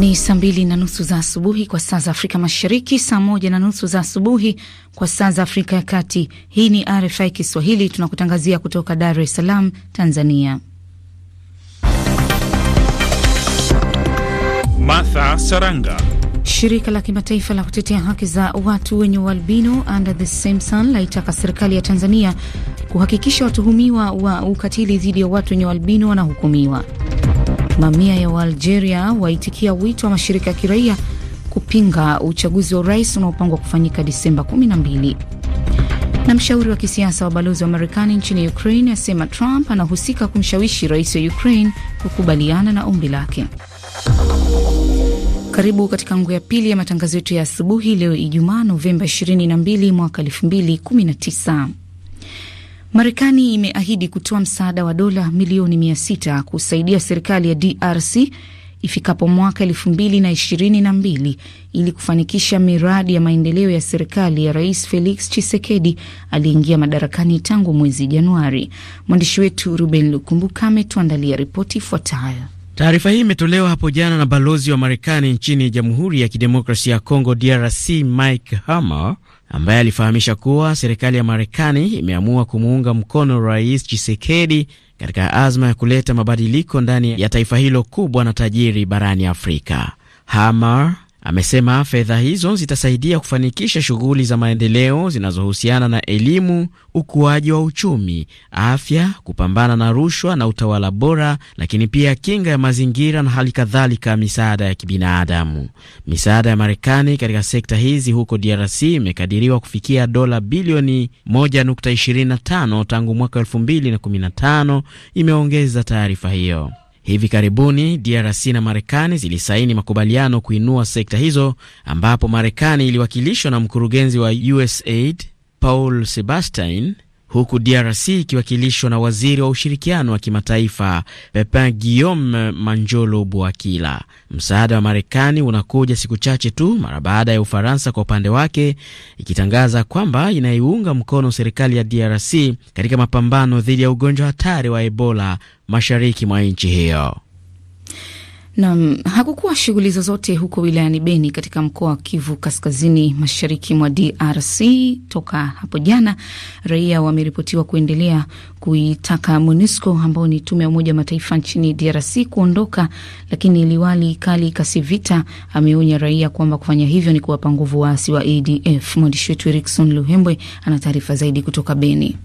Ni saa mbili na nusu za asubuhi kwa saa za Afrika Mashariki, saa moja na nusu za asubuhi kwa saa za Afrika ya Kati. Hii ni RFI Kiswahili, tunakutangazia kutoka Dar es Salaam, Tanzania. Martha Saranga. Shirika la kimataifa la kutetea haki za watu wenye ualbino Under the Same Sun laitaka serikali ya Tanzania kuhakikisha watuhumiwa wa ukatili dhidi ya watu wenye ualbino wanahukumiwa. Mamia ya Waalgeria waitikia wito wa mashirika ya kiraia kupinga uchaguzi wa urais unaopangwa kufanyika Disemba 12. Na mshauri wa kisiasa wa balozi wa Marekani nchini Ukraine asema Trump anahusika kumshawishi rais wa Ukraine kukubaliana na ombi lake. Karibu katika ngu ya pili ya matangazo yetu ya asubuhi leo Ijumaa Novemba 22 mwaka 2019. Marekani imeahidi kutoa msaada wa dola milioni mia sita kusaidia serikali ya DRC ifikapo mwaka elfu mbili na ishirini na mbili ili kufanikisha miradi ya maendeleo ya serikali ya Rais Felix Chisekedi aliyeingia madarakani tangu mwezi Januari. Mwandishi wetu Ruben Lukumbuka ametuandalia ripoti ifuatayo. Taarifa hii imetolewa hapo jana na balozi wa Marekani nchini Jamhuri ya Kidemokrasia ya Kongo, DRC, Mike Hammer ambaye alifahamisha kuwa serikali ya Marekani imeamua kumuunga mkono Rais chisekedi katika azma ya kuleta mabadiliko ndani ya taifa hilo kubwa na tajiri barani Afrika. Hamar Amesema fedha hizo zitasaidia kufanikisha shughuli za maendeleo zinazohusiana na elimu, ukuaji wa uchumi, afya, kupambana na rushwa na utawala bora, lakini pia kinga ya mazingira na hali kadhalika misaada ya kibinadamu. Misaada ya Marekani katika sekta hizi huko DRC imekadiriwa kufikia dola bilioni 1.25 tangu mwaka 2015, imeongeza taarifa hiyo. Hivi karibuni DRC na Marekani zilisaini makubaliano kuinua sekta hizo, ambapo Marekani iliwakilishwa na mkurugenzi wa USAID Paul Sebastian huku DRC ikiwakilishwa na waziri wa ushirikiano wa kimataifa Pepin Guillaume Manjolo Bwakila. Msaada wa Marekani unakuja siku chache tu mara baada ya Ufaransa kwa upande wake ikitangaza kwamba inaiunga mkono serikali ya DRC katika mapambano dhidi ya ugonjwa hatari wa Ebola mashariki mwa nchi hiyo. Nam, hakukuwa shughuli zozote huko wilayani Beni katika mkoa wa Kivu kaskazini mashariki mwa DRC toka hapo jana. Raia wameripotiwa kuendelea kuitaka MONUSCO ambao ni tume ya Umoja Mataifa nchini DRC kuondoka, lakini liwali Kali Kasivita ameonya raia kwamba kufanya hivyo ni kuwapa nguvu waasi wa ADF. Mwandishi wetu Erikson Luhembwe ana taarifa zaidi kutoka Beni.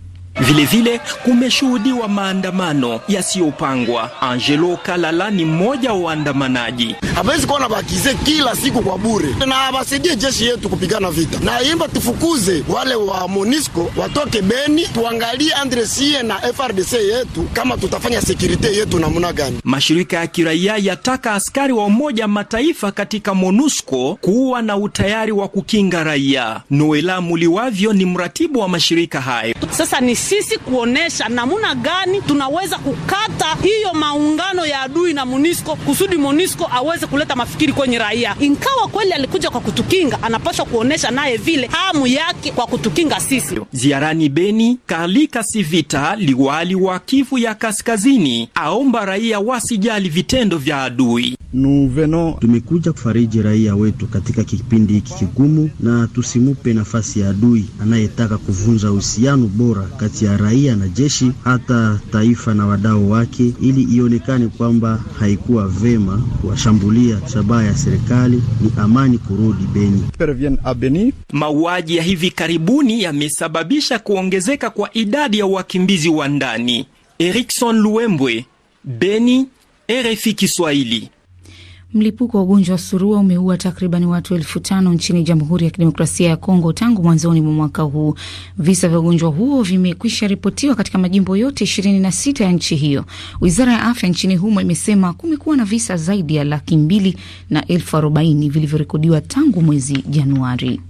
Vilevile kumeshuhudiwa maandamano yasiyopangwa. Angelo Kalala ni mmoja wa waandamanaji. Hawezi kuwa bakize kila siku kwa bure, na abasaidie jeshi yetu kupigana vita, na imba tufukuze wale wa Monisco watoke Beni, tuangalie andresie na FRDC yetu kama tutafanya sekurite yetu namna gani. Mashirika ya kiraia yataka askari wa Umoja Mataifa katika Monusco kuwa na utayari wa kukinga raia. Noela Muliwavyo ni mratibu wa mashirika hayo. Sasa ni sisi kuonesha namuna gani tunaweza kukata hiyo maungano ya adui na Monisco kusudi Monisco aweze kuleta mafikiri kwenye raia. Inkawa kweli alikuja kwa kutukinga, anapaswa kuonesha naye vile hamu yake kwa kutukinga sisi. Ziarani Beni, Kalika Sivita, liwali wa Kivu ya Kaskazini, aomba raia wasijali vitendo vya adui. Nuveno, tumekuja kufariji raia wetu katika kipindi hiki kigumu, na tusimupe nafasi ya adui anayetaka kuvunja uhusiano bora kati kati ya raia na jeshi, hata taifa na wadau wake, ili ionekane kwamba haikuwa vema kuwashambulia. Shabaha ya serikali ni amani kurudi Beni. Mauaji ya hivi karibuni yamesababisha kuongezeka kwa idadi ya wakimbizi wa ndani. Erikson Luembwe, Beni, RFI Kiswahili. Mlipuko wa ugonjwa wa surua umeua takriban watu elfu tano nchini Jamhuri ya Kidemokrasia ya Kongo tangu mwanzoni mwa mwaka huu. Visa vya ugonjwa huo vimekwisha ripotiwa katika majimbo yote ishirini na sita ya nchi hiyo. Wizara ya afya nchini humo imesema kumekuwa na visa zaidi ya laki mbili na elfu arobaini vilivyorekodiwa tangu mwezi Januari.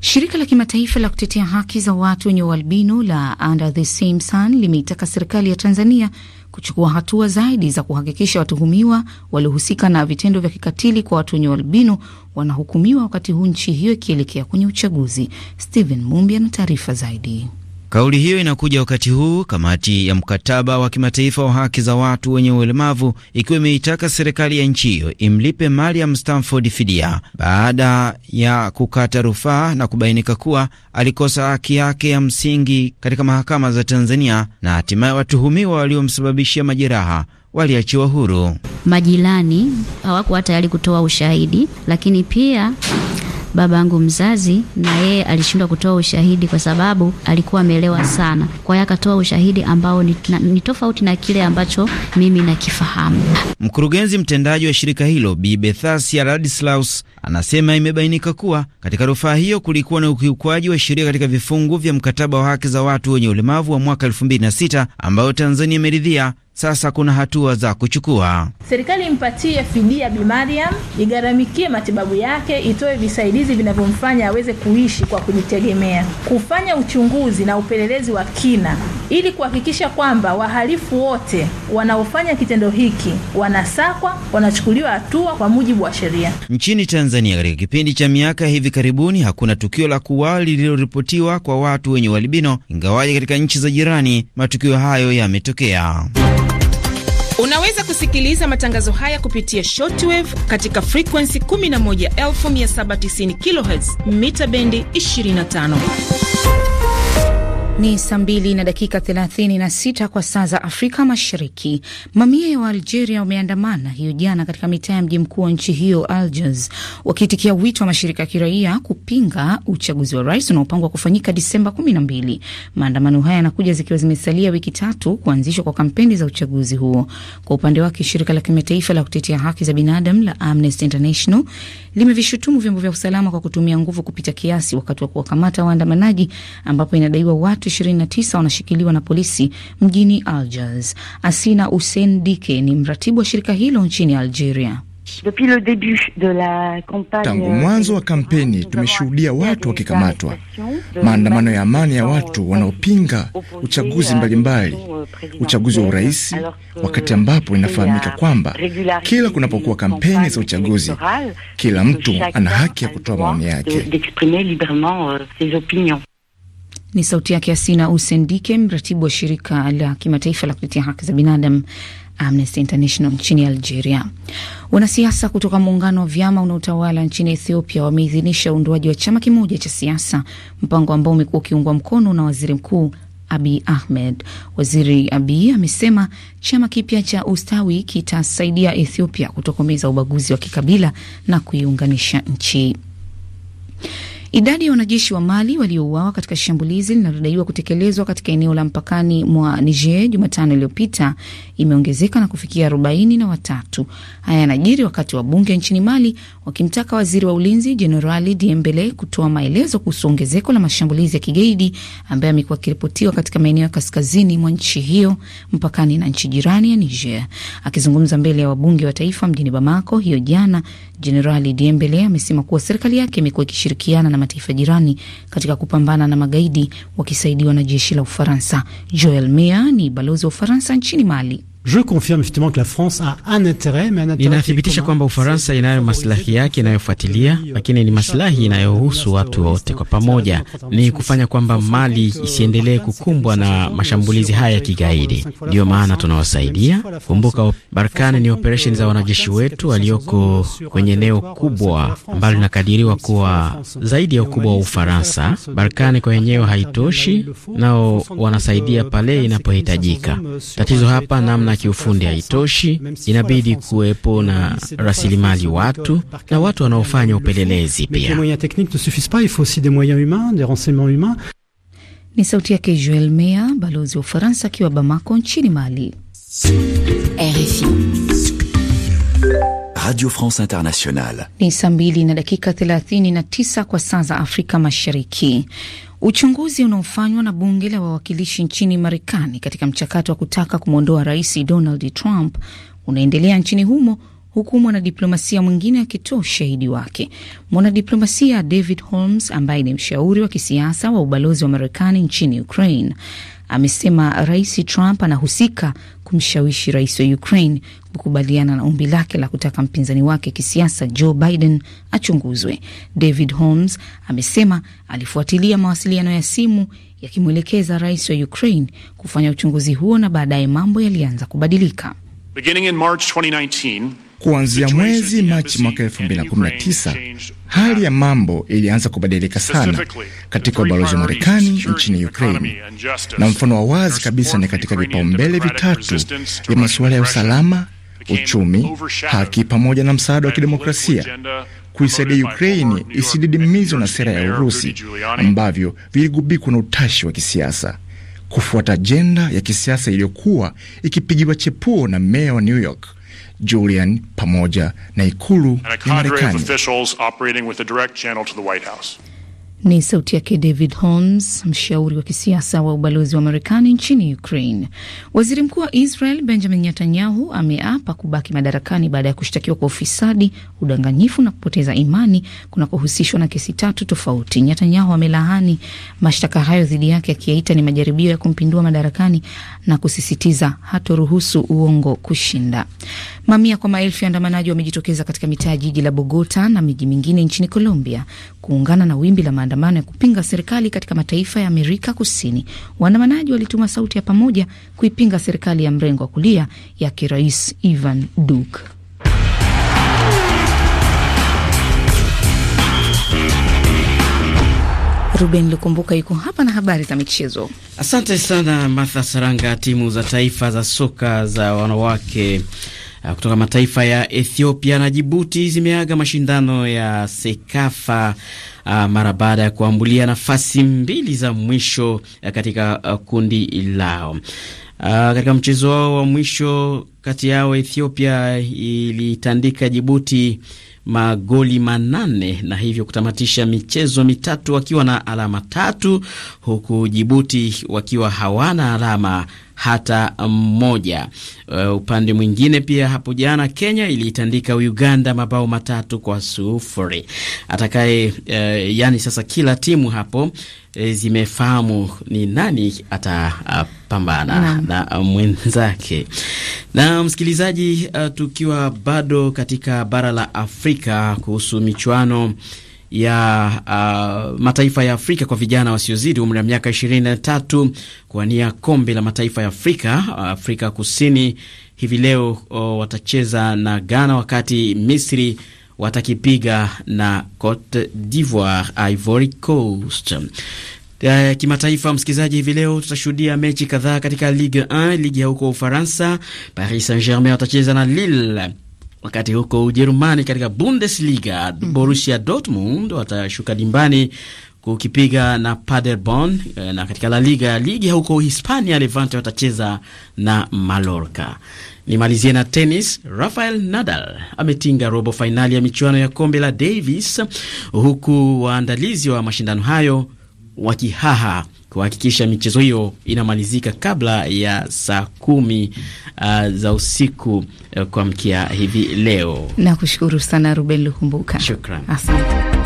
Shirika la kimataifa la kutetea haki za watu wenye ualbino la Under the Same Sun limeitaka serikali ya Tanzania kuchukua hatua zaidi za kuhakikisha watuhumiwa waliohusika na vitendo vya kikatili kwa watu wenye ualbino wanahukumiwa, wakati huu nchi hiyo ikielekea kwenye uchaguzi. Stephen Mumbi ana taarifa zaidi. Kauli hiyo inakuja wakati huu kamati ya mkataba wa kimataifa wa haki za watu wenye ulemavu ikiwa imeitaka serikali ya nchi hiyo imlipe Mariam Stamford fidia baada ya kukata rufaa na kubainika kuwa alikosa haki yake ya msingi katika mahakama za Tanzania na hatimaye watuhumiwa waliomsababishia majeraha waliachiwa huru. Majirani hawakuwa tayari kutoa ushahidi, lakini pia baba yangu mzazi, na yeye alishindwa kutoa ushahidi kwa sababu alikuwa amelewa sana. Kwa hiyo akatoa ushahidi ambao ni, na, ni tofauti na kile ambacho mimi nakifahamu. Mkurugenzi mtendaji wa shirika hilo Bi Bethasia Ladislaus anasema imebainika kuwa katika rufaa hiyo kulikuwa na ukiukwaji wa sheria katika vifungu vya mkataba wa haki za watu wenye ulemavu wa mwaka 2006 ambayo Tanzania imeridhia sasa kuna hatua za kuchukua. Serikali impatie fidia Bi Mariam, igharamikie matibabu yake, itoe visaidizi vinavyomfanya aweze kuishi kwa kujitegemea, kufanya uchunguzi na upelelezi wa kina ili kuhakikisha kwamba wahalifu wote wanaofanya kitendo hiki wanasakwa, wanachukuliwa hatua kwa mujibu wa sheria. Nchini Tanzania, katika kipindi cha miaka hivi karibuni, hakuna tukio la kuwali lililoripotiwa kwa watu wenye ualbino, ingawaje katika nchi za jirani matukio hayo yametokea. Unaweza kusikiliza matangazo haya kupitia shortwave katika frekuensi 11790 kHz mita bendi 25. Ni saa mbili na dakika thelathini na sita kwa saa za Afrika Mashariki. Mamia ya Waalgeria wameandamana hiyo jana katika mitaa ya mji mkuu wa nchi hiyo Algiers, wakiitikia wito wa mashirika ya kiraia kupinga uchaguzi wa rais unaopangwa kufanyika Disemba kumi na mbili. Maandamano haya yanakuja zikiwa zimesalia wiki tatu kuanzishwa kwa kampeni za uchaguzi huo. Kwa upande wake, shirika la kimataifa la kutetea haki za binadamu la Amnesty International limevishutumu vyombo vya usalama kwa kutumia nguvu kupita kiasi wakati wa kuwakamata waandamanaji, ambapo inadaiwa watu watu 29 wanashikiliwa na polisi mjini Algiers. Asina Hussein Dike ni mratibu wa shirika hilo nchini Algeria. Tangu mwanzo wa kampeni tumeshuhudia watu wakikamatwa, maandamano ya amani ya watu wanaopinga uchaguzi mbalimbali, euh, uchaguzi wa urais, wakati ambapo inafahamika kwamba kila kunapokuwa kampeni za uchaguzi, kila mtu ana haki ya kutoa maoni yake. Ni sauti yake Asina Usendike, mratibu wa shirika la kimataifa la kutetea haki za binadamu Amnesty International nchini Algeria. Wanasiasa kutoka muungano wa vyama unaotawala nchini Ethiopia wameidhinisha uundwaji wa chama kimoja cha siasa, mpango ambao umekuwa ukiungwa mkono na waziri mkuu abi Ahmed. Waziri abi amesema chama kipya cha Ustawi kitasaidia Ethiopia kutokomeza ubaguzi wa kikabila na kuiunganisha nchi. Idadi ya wanajeshi wa Mali waliouawa katika shambulizi linalodaiwa kutekelezwa katika eneo la mpakani mwa Niger Jumatano iliyopita imeongezeka na kufikia arobaini na watatu. Haya yanajiri wakati wa bunge nchini Mali wakimtaka waziri wa ulinzi Jenerali Diembele kutoa maelezo kuhusu ongezeko la mashambulizi ya kigaidi ambayo amekuwa akiripotiwa katika maeneo ya kaskazini mwa nchi hiyo mpakani na nchi jirani ya Niger. Akizungumza mbele ya wabunge wa taifa mjini Bamako hiyo jana, Jenerali Diembele amesema kuwa serikali yake imekuwa ikishirikiana na mataifa jirani katika kupambana na magaidi wakisaidiwa na jeshi la Ufaransa. Joel Meyer ni balozi wa Ufaransa nchini Mali. Ninathibitisha kwamba Ufaransa inayo maslahi yake inayofuatilia, lakini ni maslahi inayohusu watu wote kwa pamoja, ni kufanya kwamba Mali isiendelee kukumbwa na mashambulizi haya ya kigaidi. Ndiyo maana tunawasaidia. Kumbuka, Barkani ni operesheni za wanajeshi wetu walioko kwenye eneo kubwa ambalo linakadiriwa kuwa zaidi ya ukubwa wa Ufaransa. Barkani kwa yenyewe haitoshi, nao wanasaidia pale inapohitajika. Tatizo hapa namna kiufundi haitoshi, inabidi kuwepo na rasilimali watu na watu wanaofanya upelelezi pia. Ni sauti yake Joel Mea, balozi wa Ufaransa akiwa Bamako nchini Mali, RFI. Radio France Internationale. Ni saa mbili na dakika 39 kwa saa za Afrika Mashariki. Uchunguzi unaofanywa na bunge la wawakilishi nchini Marekani katika mchakato wa kutaka kumwondoa Rais Donald Trump unaendelea nchini humo huku mwanadiplomasia mwingine akitoa ushahidi wake. Mwanadiplomasia David Holmes ambaye ni mshauri wa kisiasa wa ubalozi wa Marekani nchini Ukraine amesema Rais Trump anahusika kumshawishi rais wa Ukraine kukubaliana na ombi lake la kutaka mpinzani wake kisiasa Joe Biden achunguzwe. David Holmes amesema alifuatilia mawasiliano ya simu yakimwelekeza rais wa Ukraine kufanya uchunguzi huo na baadaye mambo yalianza kubadilika. Beginning in March 2019, Kuanzia mwezi Machi mwaka 2019 hali ya mambo ilianza kubadilika sana katika ubalozi wa Marekani nchini Ukraini, na mfano wa wazi kabisa ni katika vipaumbele vitatu vya masuala ya usalama, uchumi, haki pamoja na msaada wa kidemokrasia kuisaidia Ukraini isididimizwa na sera ya Urusi ambavyo viligubikwa na utashi wa kisiasa kufuata ajenda ya kisiasa iliyokuwa ikipigiwa chepuo na meya wa New York Julian pamoja na ikulu ya Marekani. Ni sauti yake David Holmes, mshauri wa kisiasa wa ubalozi wa Marekani nchini Ukraine. Waziri mkuu wa Israel Benjamin Netanyahu ameapa kubaki madarakani baada ya kushtakiwa kwa ufisadi, udanganyifu na kupoteza imani kunakohusishwa na kesi tatu tofauti. Netanyahu amelaani mashtaka hayo dhidi yake, akiyaita ni majaribio ya kumpindua madarakani na kusisitiza hatoruhusu uongo kushinda. Mamia kwa maelfu ya andamanaji wamejitokeza katika mitaa ya jiji la Bogota na miji mingine nchini Colombia kuungana na wimbi la maandamano ya kupinga serikali katika mataifa ya Amerika Kusini. Waandamanaji walituma sauti ya pamoja kuipinga serikali ya mrengo wa kulia ya kirais Ivan Duque. Ruben Lukumbuka yuko hapa na habari za michezo. Asante sana Martha Saranga. Timu za taifa za soka za wanawake Uh, kutoka mataifa ya Ethiopia na Jibuti zimeaga mashindano ya Sekafa uh, mara baada ya kuambulia nafasi mbili za mwisho uh, katika kundi lao. katika mchezo wao wa mwisho kati yao Ethiopia ilitandika Jibuti magoli manane na hivyo kutamatisha michezo mitatu wakiwa na alama tatu, huku Jibuti wakiwa hawana alama hata mmoja. Uh, upande mwingine pia hapo jana Kenya iliitandika Uganda mabao matatu kwa sufuri. Atakaye uh, yani sasa kila timu hapo eh, zimefahamu ni nani atapambana na, na mwenzake. Na msikilizaji, uh, tukiwa bado katika bara la Afrika kuhusu michuano ya uh, mataifa ya Afrika kwa vijana wasiozidi umri wa miaka 23 kuwania kombe la mataifa ya Afrika. Uh, Afrika Kusini hivi leo o, uh, watacheza na Ghana wakati Misri watakipiga na Cote d'Ivoire, Ivory Coast. kimataifa msikilizaji, hivi leo tutashuhudia mechi kadhaa katika Ligue 1, ligi ya huko Ufaransa. Paris Saint-Germain watacheza na Lille Wakati huko Ujerumani katika Bundesliga mm -hmm. Borussia Dortmund watashuka dimbani kukipiga na Paderborn, eh, na katika La Liga ya ligi huko Hispania Levante watacheza na Mallorca. Nimalizie na tenis. Rafael Nadal ametinga robo fainali ya michuano ya kombe la Davis, huku waandalizi wa mashindano hayo wakihaha kuhakikisha michezo hiyo inamalizika kabla ya saa kumi uh, za usiku uh, kuamkia hivi leo. Nakushukuru sana Ruben Lukumbuka. Shukran. Asante.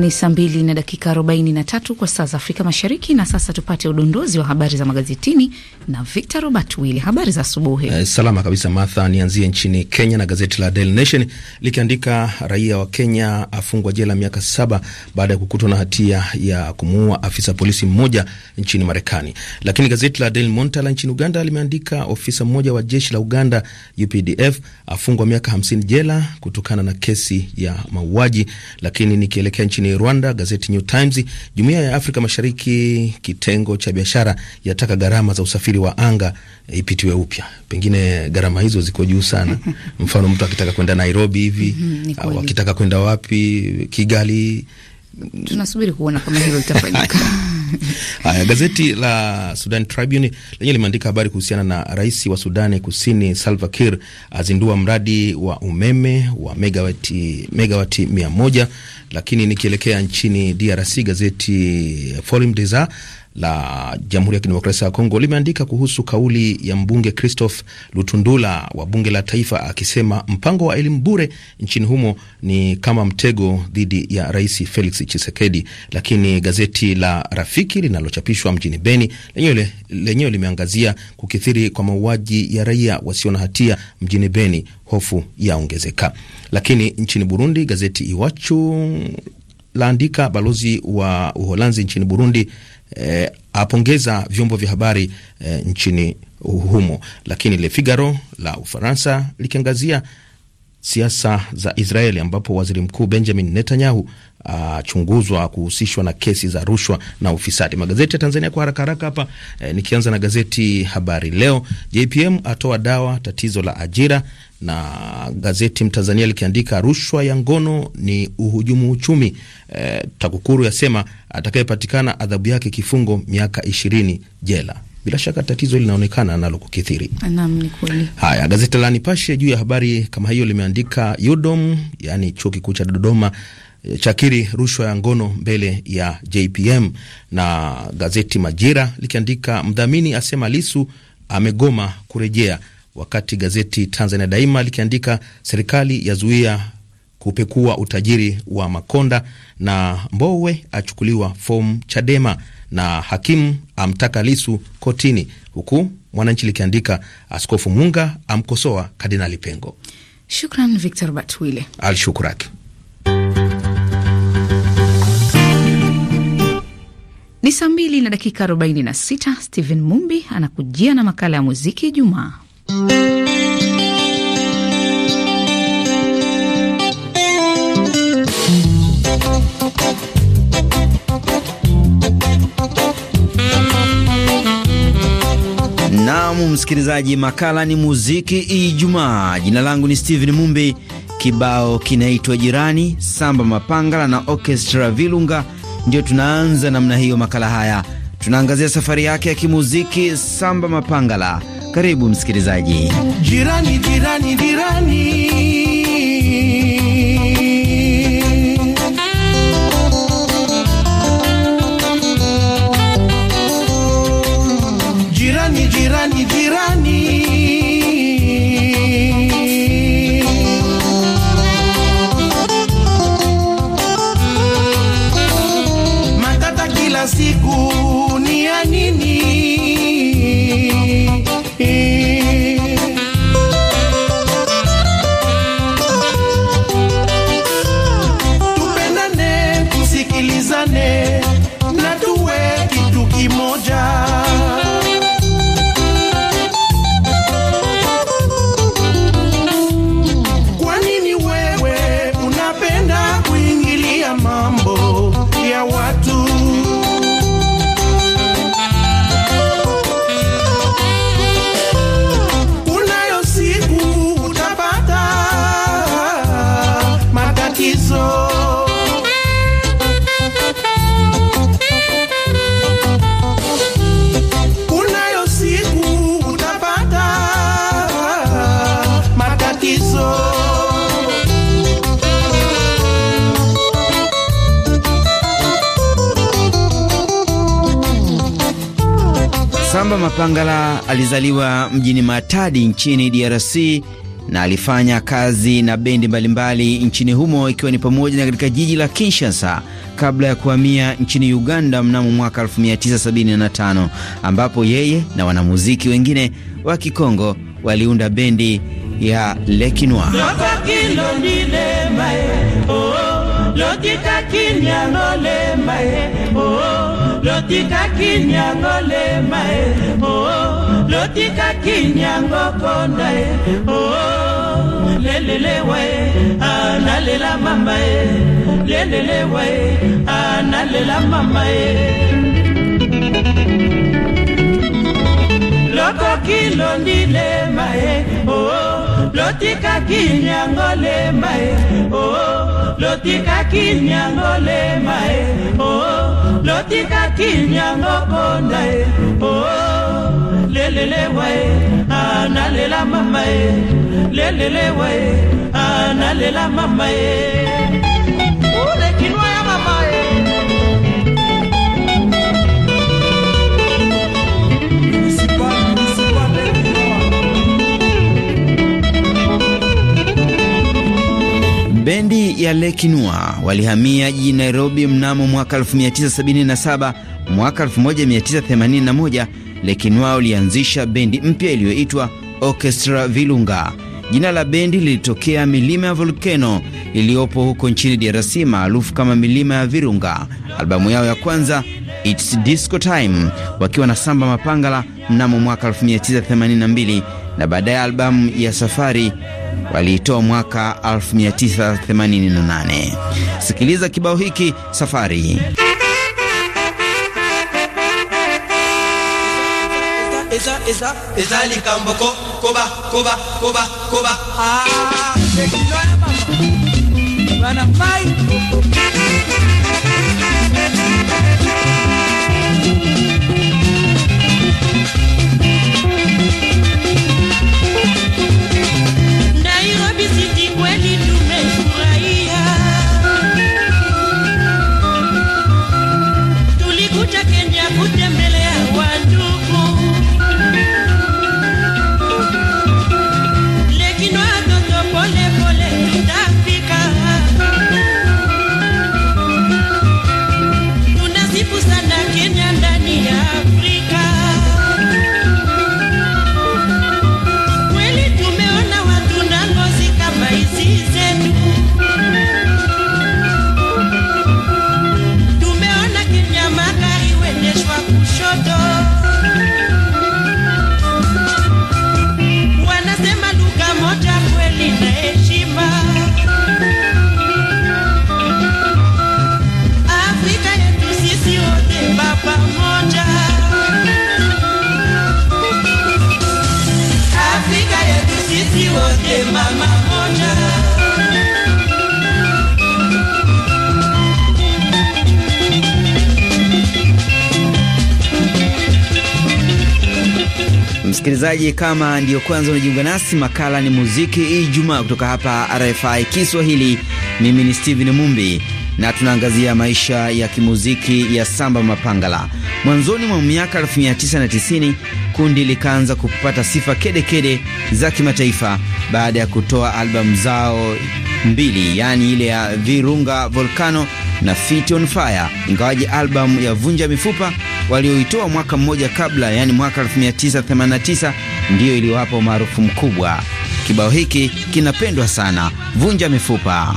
Ni saa mbili na dakika arobaini na tatu kwa saa za Afrika Mashariki. Na sasa tupate udondozi wa habari za magazetini na Victor Robert Wille. Habari za asubuhi. Eh, salama kabisa Martha. Nianzie nchini Kenya na gazeti la Daily Nation likiandika raia wa Kenya afungwa jela miaka saba baada ya kukutwa na hatia ya kumuua afisa polisi mmoja nchini Marekani. Lakini gazeti la Daily Monitor la nchini Uganda limeandika ofisa mmoja wa jeshi la Uganda UPDF afungwa miaka hamsini jela kutokana na kesi ya mauaji. Lakini nikielekea nchini nchini Rwanda. Gazeti New Times, jumuiya ya Afrika Mashariki kitengo cha biashara yataka gharama za usafiri wa anga ipitiwe upya. Pengine gharama hizo ziko juu sana. Mfano mtu akitaka kwenda Nairobi hivi mhm, au akitaka kwenda wapi Kigali, tunasubiri kuona kama hilo litafanyika. Haya, gazeti la Sudan Tribune lenye limeandika habari kuhusiana na rais wa Sudani Kusini Salva Kiir azindua mradi wa umeme wa megawati megawati mia moja. Lakini nikielekea nchini DRC, gazeti Forum des As la Jamhuri ya Kidemokrasia ya Kongo limeandika kuhusu kauli ya mbunge Christophe Lutundula wa bunge la taifa akisema mpango wa elimu bure nchini humo ni kama mtego dhidi ya Rais Felix Tshisekedi. Lakini gazeti la Rafiki linalochapishwa mjini Beni lenyewe lenye limeangazia kukithiri kwa mauaji ya raia wasio na hatia mjini Beni, hofu yaongezeka. Lakini nchini Burundi gazeti Iwachu laandika balozi wa Uholanzi nchini Burundi eh, apongeza vyombo vya habari eh, nchini humo, lakini Le Figaro la Ufaransa likiangazia siasa za Israeli ambapo waziri mkuu Benjamin Netanyahu ah, achunguzwa uh, kuhusishwa na kesi za rushwa na ufisadi. Magazeti ya Tanzania kwa haraka haraka hapa eh, nikianza na gazeti Habari Leo. JPM atoa dawa tatizo la ajira na gazeti Mtanzania likiandika rushwa ya ngono ni uhujumu uchumi. E, TAKUKURU yasema atakayepatikana adhabu yake kifungo miaka ishirini jela. Bila shaka tatizo linaonekana nalo kukithiri. Naam, ni kweli. Haya, gazeti la Nipashe juu ya habari kama hiyo limeandika UDOM, yani chuo kikuu cha Dodoma chakiri rushwa ya ngono mbele ya JPM, na gazeti Majira likiandika mdhamini asema Lisu amegoma kurejea wakati gazeti Tanzania Daima likiandika serikali yazuia kupekua utajiri wa Makonda na Mbowe achukuliwa fomu Chadema na hakimu amtaka Lisu kotini, huku Mwananchi likiandika Askofu Munga amkosoa Kardinali Pengo. Shukran Victor Batwile, Ni saa mbili na dakika 46. stehen Mumbi anakujia na makala ya muziki Ijumaa. Naam, msikilizaji, makala ni muziki Ijumaa. Jina langu ni Steven Mumbi. Kibao kinaitwa Jirani, Samba Mapangala na Orchestra Vilunga. Ndio tunaanza namna hiyo makala haya, tunaangazia safari yake ya kimuziki Samba Mapangala karibu msikilizaji. Jirani, jirani, jirani Lamba Mapangala alizaliwa mjini Matadi nchini DRC na alifanya kazi na bendi mbalimbali nchini humo ikiwa ni pamoja na katika jiji la Kinshasa kabla ya kuhamia nchini Uganda mnamo mwaka 1975 ambapo yeye na wanamuziki wengine wa Kikongo waliunda bendi ya Lekinoa. lotikaki nyango lema e oo oh, lotikaki nyango konda e oo oh, lelelewa e analela mama e lelelewa e analela mama e lokoki londi lema e oo oh, lotikaki nyango lema ye oo oh, oh. lotikaki nyango lema ye oo oh, lotikaki nyango konda ye oo lelelewa ye analela mama ye lelelewa ye analela mama ye Makundi ya Lekinua walihamia jijini Nairobi mnamo mwaka 1977. Mwaka 1981 Lekinua ulianzisha bendi mpya iliyoitwa Orchestra Virunga. Jina la bendi lilitokea milima ya volkeno iliyopo huko nchini DRC maarufu kama milima ya Virunga. Albamu yao ya kwanza It's Disco Time wakiwa na Samba Mapangala mnamo mwaka 1982 na baadaye albamu ya Safari waliitoa mwaka 1988. Sikiliza kibao hiki Safari. Eza, eza, eza likamboko koba koba koba koba ah, sisi wote mama moja Msikilizaji, kama ndiyo kwanza unajiunga nasi, makala ni muziki Ijumaa kutoka hapa RFI Kiswahili. Mimi ni Steven Mumbi na tunaangazia maisha ya kimuziki ya Samba Mapangala. Mwanzoni mwa miaka 1990 kundi likaanza kupata sifa kedekede kede za kimataifa baada ya kutoa albamu zao mbili, yaani ile ya Virunga Volcano na Fit on Fire, ingawaji albamu ya Vunja Mifupa walioitoa mwaka mmoja kabla, yaani mwaka 1989 ndiyo iliwapa umaarufu mkubwa. Kibao hiki kinapendwa sana, Vunja Mifupa.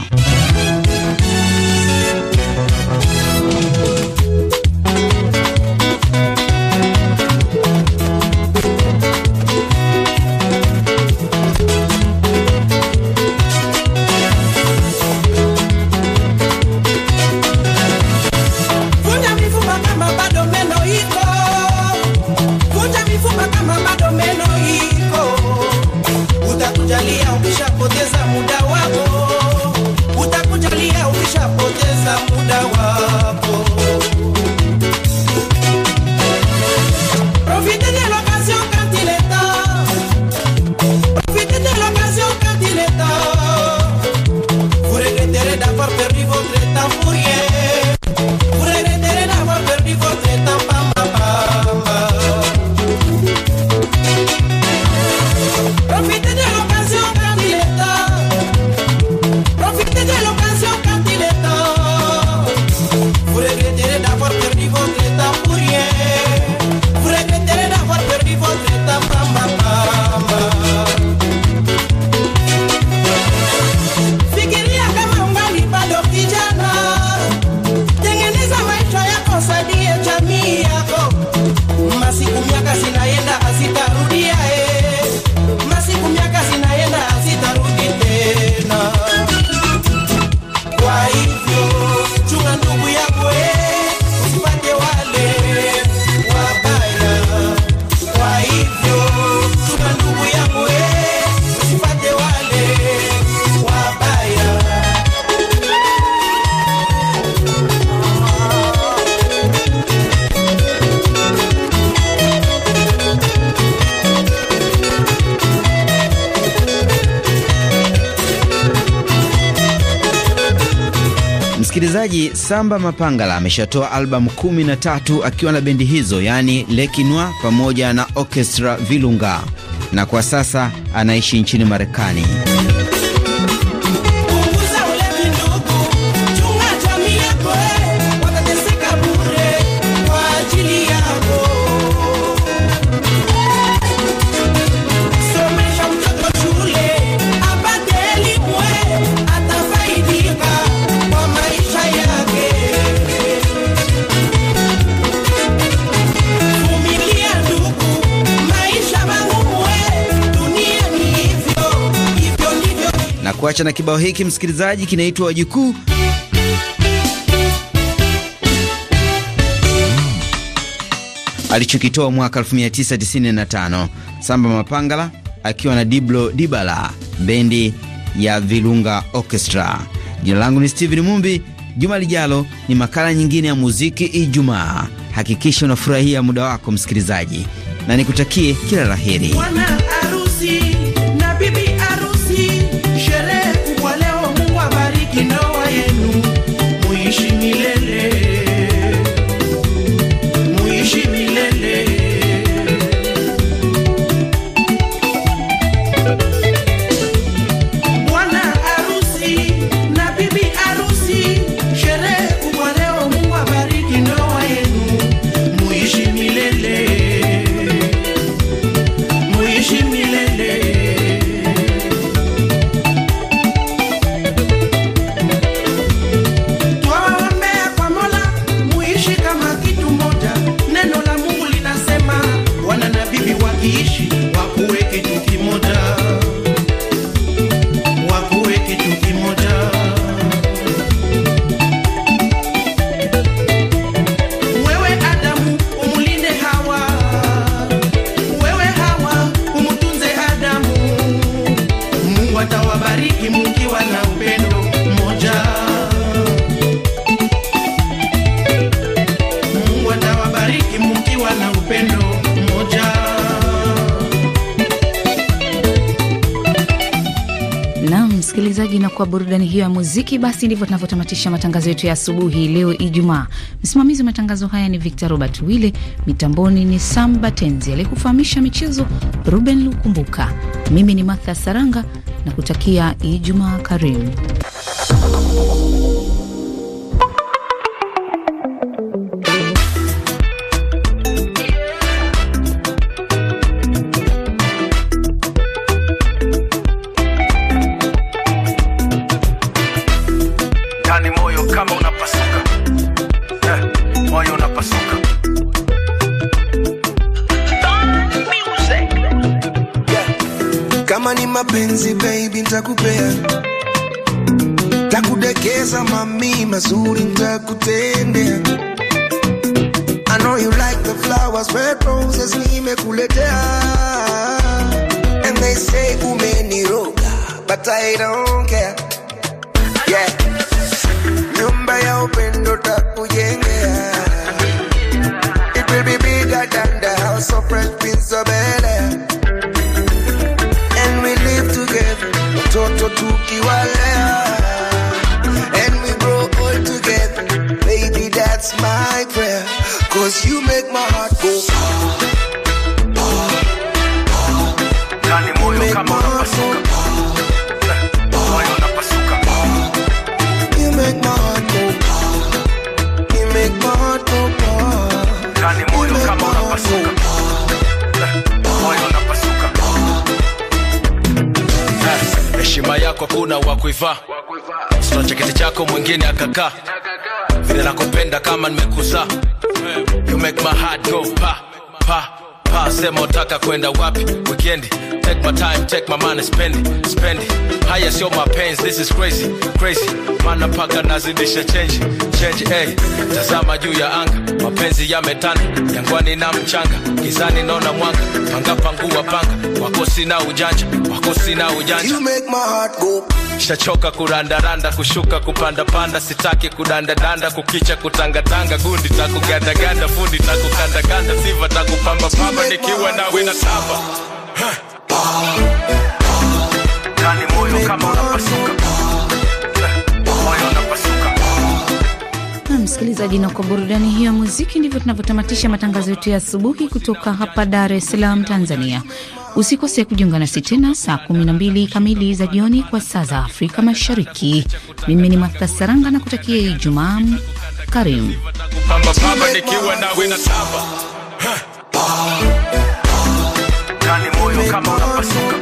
Msikilizaji, Samba Mapangala ameshatoa albamu 13 akiwa na bendi hizo, yaani Lekinwa pamoja na Orchestra vilunga na kwa sasa anaishi nchini Marekani. Tunakuacha na kibao hiki msikilizaji, kinaitwa Wajukuu. Hmm. alichokitoa mwaka 1995 Samba Mapangala akiwa na Diblo Dibala, bendi ya Virunga Orchestra. Jina langu ni Steven Mumbi. Juma lijalo ni makala nyingine ya muziki Ijumaa. Hakikisha unafurahia muda wako msikilizaji, na nikutakie kila la heri. you know muziki. Basi ndivyo tunavyotamatisha matangazo yetu ya asubuhi leo Ijumaa. Msimamizi wa matangazo haya ni Victor Robert Wille, mitamboni ni Sam Batenzi, aliyekufahamisha michezo Ruben Lukumbuka. Mimi ni Martha Saranga na kutakia Ijumaa karimu. mtoto tukiwalea and we grow old together baby that's my prayer cause you make my heart go ah. hakuna wa kuivaa sina cheketi chako mwingine akakaa vile nakupenda kama nimekuza, you make my heart go pa pa pa sema utaka kwenda wapi weekend take my time take my money spend it, spend it haya sio mapenzi, this is crazy crazy, mana paka nazidisha change change. Hey, eh. tazama juu ya anga, mapenzi yametanda jangwani na mchanga, gizani naona mwanga, panga pangua panga, wako sina ujanja, wako sina ujanja, you make my heart go shachoka kurandaranda kushuka kupandapanda sitaki kudandadanda kukicha kutangatanga gundi takugandaganda fundi takukandaganda siva takupambapamba nikiwa nawe na tamba Yaani moyo kama unapasuka Msikilizaji, na kwa burudani hiyo ya muziki, ndivyo tunavyotamatisha matangazo yetu ya asubuhi kutoka hapa Dar es Salaam, Tanzania. Usikose kujiunga nasi tena saa 12 kamili za jioni kwa saa za Afrika Mashariki. Mimi ni Martha Saranga na kutakia Ijumaa karimu. Yaani kama unapasuka